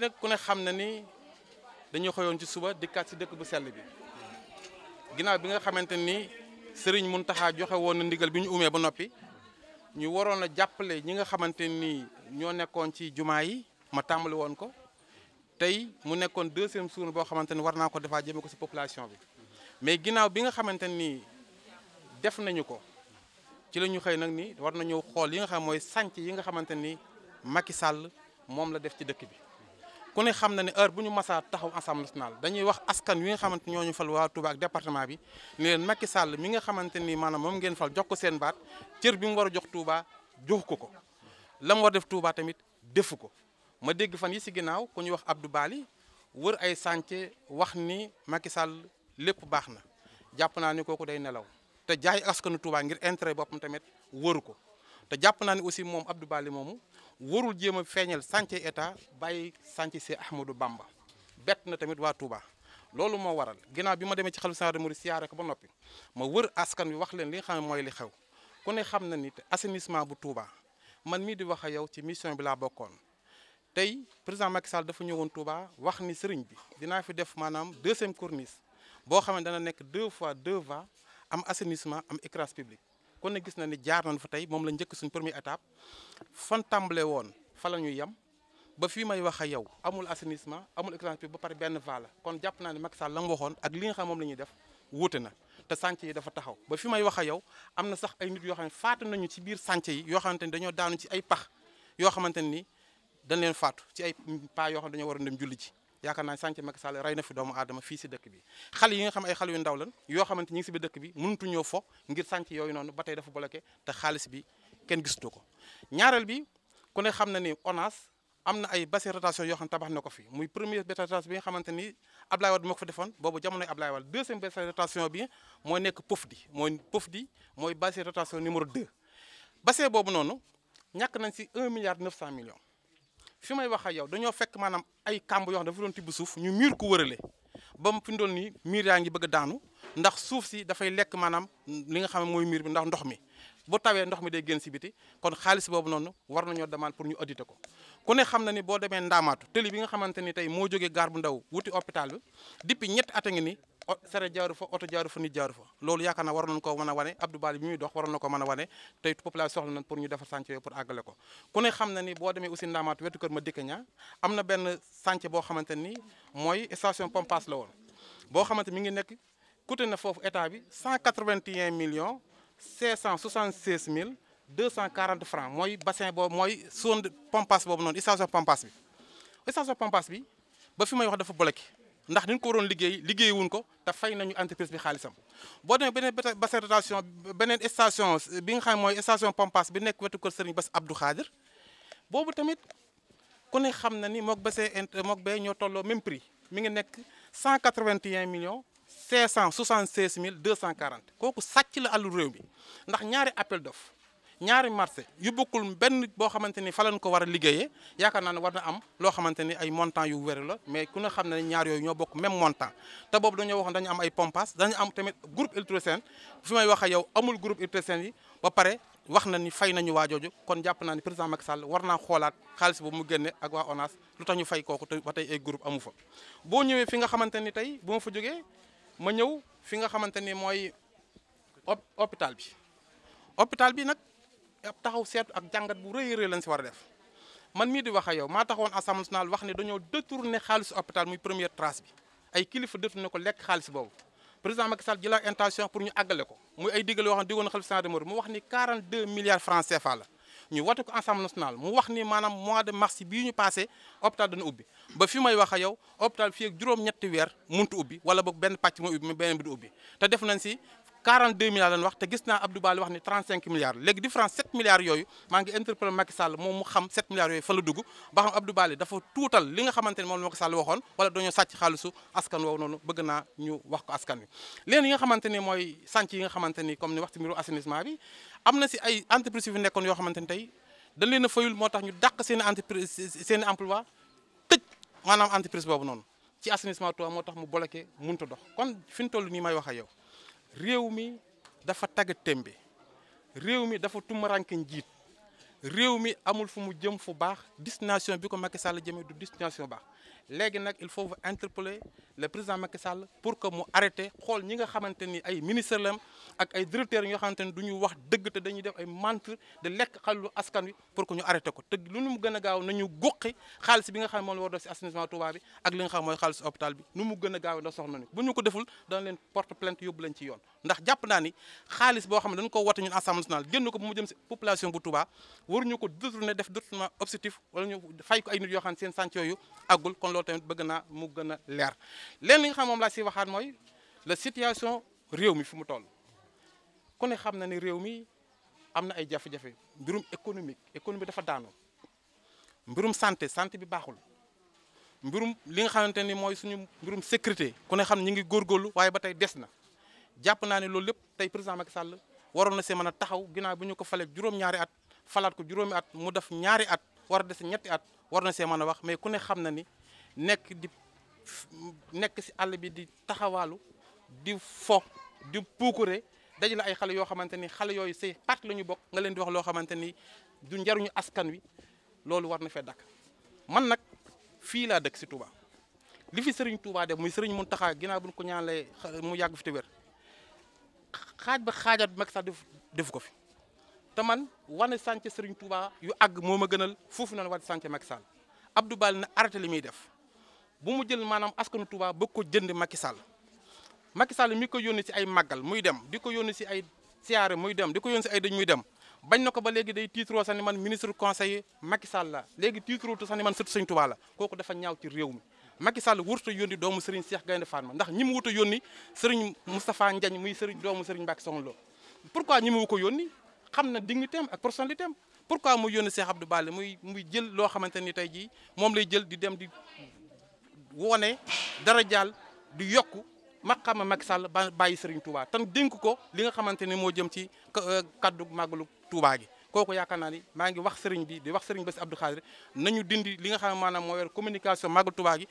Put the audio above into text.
nag ku ne xam na ni dañu xëyoon ci suba dikkaat si dëkk bu sell bi ginnaaw bi nga xamante ni sëriñ mun Mountakha joxe woon na ndigal bi ñu umee ba noppi ñu waroon a jàppale ñi nga xamante ni ñoo nekkoon ci jumaa yi ma tàmbali woon ko tey mu nekkoon deuxième journée boo xamante ni war naa ko defaa jëme ko si population bi mais ginnaaw bi nga xamante ni def nañu ko ci lañu xëy nag ni war nañu xool yi nga xam mooy sànc yi nga xamante ni Macky sàll moom la def ci dëkk bi ku ne xam na ne heure bu ñu masaa taxaw assemblée nationale dañuy wax askan wi nga xamante ñoo ñu fal waa Touba ak département bi ni leen Macky Sall mi nga xamante ni maanaam moom ngeen fal jox ko seen baat cër bi mu war a jox Touba jox ko ko la mu war def Touba tamit defu ko ma dégg fan yi si ginnaaw ku ñu wax Abdou Bali wër ay chantier wax ni Macky sàll lépp baax na jàpp naa ni kooku day nelaw te jaay askanu Touba ngir intérêt boppam tamit wëru ko te jàpp naa ne aussi moom Abdou Bali moomu warul jéem a feeñal chantier état bàyyi chantier si Ahmadou Bamba bett na tamit waa Touba. loolu moo waral ginnaaw bi ma demee ci xalifa général des mourides ko ba noppi ma wër askan wi wax leen li nga mooy li xew ku ne xam na ni assainissement bu Touba man mii di wax a yow ci mission bi laa bokkoon. tey président Macky Sall dafa ñëwoon Touba wax ni sëriñ bi dinaa fi def maanaam deuxième corniche boo xam ne dana nekk deux fois deux voies am assainissement am éclairage public kon na gis na ni jaar nañ fa tey moom la njëkk suñ première étape fan tàmbalee woon fa la ñu yem ba fii may wax a yow amul assainissement amul éclairage ba pare benn vaa la kon jàpp naa ne Macky Sall la mu waxoon ak li nga xam moom la ñuy def wuute na te sànce yi dafa taxaw ba fi may wax a yow am na sax ay nit yoo xam ne faatu nañu ci biir sànce yi yoo xamante ni dañoo daanu ci ay pax yoo xamante ni dañ leen faatu ci ay paa yoo xam ne dañoo war a dem julli ji yaakaar naa sànq Macky Sall rey na fi doomu aadama fii si dëkk bi xale yi nga xam ay xale yu ndaw lan yoo xamante ñi ngi si biir dëkk bi mënutu ñoo fo ngir sànq yooyu noonu ba tey dafa bloqué te xaalis bi kenn gisatu ko ñaareel bi ku ne xam na ni ONAS am na ay bassin rotation yoo xam ne tabax na ko fi muy premier bassin rotation bi nga xamante ni Ablaye Wade moo ko fa defoon boobu jamonoy Ablaye Wade deuxième bassin rotation bi mooy nekk POFDI mooy POFDI mooy bassin rotation numéro 2 bassin boobu noonu ñàkk nañ si 1 milliard 900 millions fi may wax ak yow dañoo fekk maanaam ay kàmb yoo xam dafa doon tibb suuf ñu miir ko wërale ba mu fi doon nii miir yaa ngi bëgg a daanu ndax suuf si dafay lekk maanaam li nga xam ne mooy miir bi ndax ndox mi bu tawee ndox mi day génn si biti kon xaalis boobu noonu war nañoo demande pour ñu auditer ko ku ne xam na ni boo demee ndaamaatu tëli bi nga xamante ni tey moo jógee gaar bu ndaw wuti hôpital bi depuis ñetti at a ngi ni sere jaaru fa oto jaaru fa nit jaaru fa loolu yaakaar naa waroon nañ ko mën a wane Abdou Bally bi muy dox waroon ko mën a wane tey population soxla ni boo demee aussi Ndamaatu wetu kër ma dikka na benn chantier boo xamante ni mooy station pompage la woon boo xamante mi ngi nekk coûté na foofu état bi 181 millions 576 mille 240 francs mooy bassin boobu mooy zone pompage boobu noonu station pompage bi station pompage bi ba fi may wax dafa bloqué ndax ni ñu ko waroon liggéey liggéey wuñ ko te fay nañu entreprise bi xaalisam boo demee beneen bassin rotation beneen station bi nga xam mooy station pompage bi nekk wetu kër Serigne Bass Abdou Khadir boobu tamit ku ne xam na ni mook bassin mook bee ñoo tolloo même prix mi ngi nekk 181 millions 576 mille 240 kooku sàcc la àllu réew mi ndax ñaari appel d'offre ñaari marché yu bokkul benn boo xamante ni fa lañ ko war a liggéeyee yaakaar naa ne war na am loo xamante ni ay montant yu wér la mais ku ne xam ne ñaar yooyu ñoo bokk même montant te boobu dañoo waxoon dañu am ay pompas dañu am tamit groupe électrogène fi may wax yow amul groupe électrogène yi ba pare wax na ni fay nañu waajooju kon jàpp naa ni président Macky Sall war naa xoolaat xaalis boobu mu génne ak waa ONAS lu tax ñu fay kooku te ba tey ay groupe amu fa boo ñëwee fi nga xamante ni tey bu fa jógee ma ñëw fi nga xamante ni mooy hôpital bi hôpital bi nag ab taxaw seet ak jàngat bu rëy rëy lañ si war a def man mii di wax ak yow maa taxawoon assemblée nationale wax ne dañoo détourné xaalisu hôpital muy première trace bi ay kilifa détourné ko lekk xaalis boobu président Macky Sall jëlaat intention pour ñu àggale ko muy ay digal yoo xam ne digoon na xalifa général des mourides mu wax ni 42 milliards francs CFA la ñu wate ko assemblée nationale mu wax ni maanaam mois de mars bi ñu passé hôpital dana ubbi ba wala boog benn pàcc mooy ubbi mais beneen bi 42 milliards lañ wax te gis naa Abdou Bali wax ni 35 milliards léegi différence 7 milliards yooyu maa ngi interpellé Macky Sall moom mu xam 7 milliards yooyu fa la dugg ba xam Abdou Bali dafa tuutal li nga xamante ne moom la Macky Sall waxoon wala dañoo sàcc xaalisu askan woowu noonu bëgg naa ñu wax ko askan wi leen yi nga xamante ne mooy sànc yi nga xamante ni comme ni wax ci mbiru assainissement bi am na si ay entreprise yu fi nekkoon yoo xamante ni tey dañ leen a fayul moo tax ñu dàq seen entreprise seen emploi tëj maanaam entreprise boobu noonu ci assainissement Touba moo tax mu bloqué mënut a kon fi ñu toll nii may wax yow réew mi dafa tagga témbe réew mi dafa tumaranke njiit réew mi amul fu mu jëm fu baax destination bi ko Macky Sall jëmee du destination baax léegi nag il faut interpeller le président Macky Sall pour que mu arrêté xool ñi nga xamante ni ay ministres lam ak ay directeurs yi nga xamante du ñu wax dëgg te dañuy def ay mentir de lekk xalu askan wi pour que ñu ko te lu nu mu a gaaw nañu guqi bi nga xam ne moom la war def si assainissement Touba bi ak mu gën gaaw ko deful dana leen porte plainte yóbbu leen ci yoon ndax jàpp naa ni xaalis boo xam ne dañu ko wote ñun assemblée nationale génn ko bu mu jëm si population bu Touba waruñu ko détourné def détournement objectif wala ñu fay ko ay nit yoo xam ne seen sant yooyu àggul kon loolu tamit bëgg naa mu gën a leer leen li nga xam moom laa si waxaat mooy la situation réew mi fu mu toll ku ne xam na ni réew mi am na ay jafe-jafe mbirum économique économie dafa daanu mbirum santé santé bi baaxul mbirum li nga xamante ni mooy suñu mbirum sécurité ku ne xam ñu ngi góor góorgóorlu waaye ba tey des na jàpp naa ne loolu lépp tey président Macky sàll waroon na see mën a taxaw ginnaaw bi ñu ko falee juróom-ñaari at falaat ko juróomi at mu def ñaari at war a des ñetti at nekk di nekk si àll bi di taxawaalu di fo di puukure dajale ay xale yoo xamante ni xale yooyu say parti la ñu bokk nga leen di wax loo xamante ni du njariñu askan wi loolu war na fee dakk man nag fii laa dëkk si Touba li fi sëriñ Touba def muy Serigne Mountakha ginnaaw bu ñu ko ñaanalee mu yàgg fi te wér xaaj ba xaajaat bi def defu ko fi te man wane sànc sëriñ Touba yu àgg moo ma gënal foofu noonu wat sànc Macky Sall Abdou Bal na arrêté li muy def. bu mu jël maanaam askanu Touba bëgg ko jënd Macky Sall Macky Sall mi ko yónni si ay màggal muy dem di ko yónni si ay siyaare muy dem di ko yónni si ay dëj muy dem bañ na ko ba léegi day tiitroo sax ni man ministre conseil Macky Sall la léegi tiitroo sax ni man sëtu Sëñ Touba la kooku dafa ñaaw ci réew mi Macky Sall wurta yónni doomu Serigne Cheikh Gaynde Fatma ndax ñi mu wut a yónni Serigne Moustapha Ndiagne muy Serigne doomu Serigne Mbacké Soxna Lo pourquoi ñi mu ko yónni xam na dignité am ak personnalité am pourquoi mu yónni Cheikh Abdou Bale muy muy jël loo xamante ni tey jii moom lay jël di dem di wone dara jaal di yokk yokku maqaama Macky Sall ba bàyyi Serigne Touba tan dénk ko li nga xamante ne moo jëm ci euh, kaddu màggalu Touba gi kooku yaakaar naa ni maa ngi wax sëriñ bi di wax Serigne Bass Abdou Khadir nañu dindi li nga xam ne maanaam moo yor communication màggalu Touba gi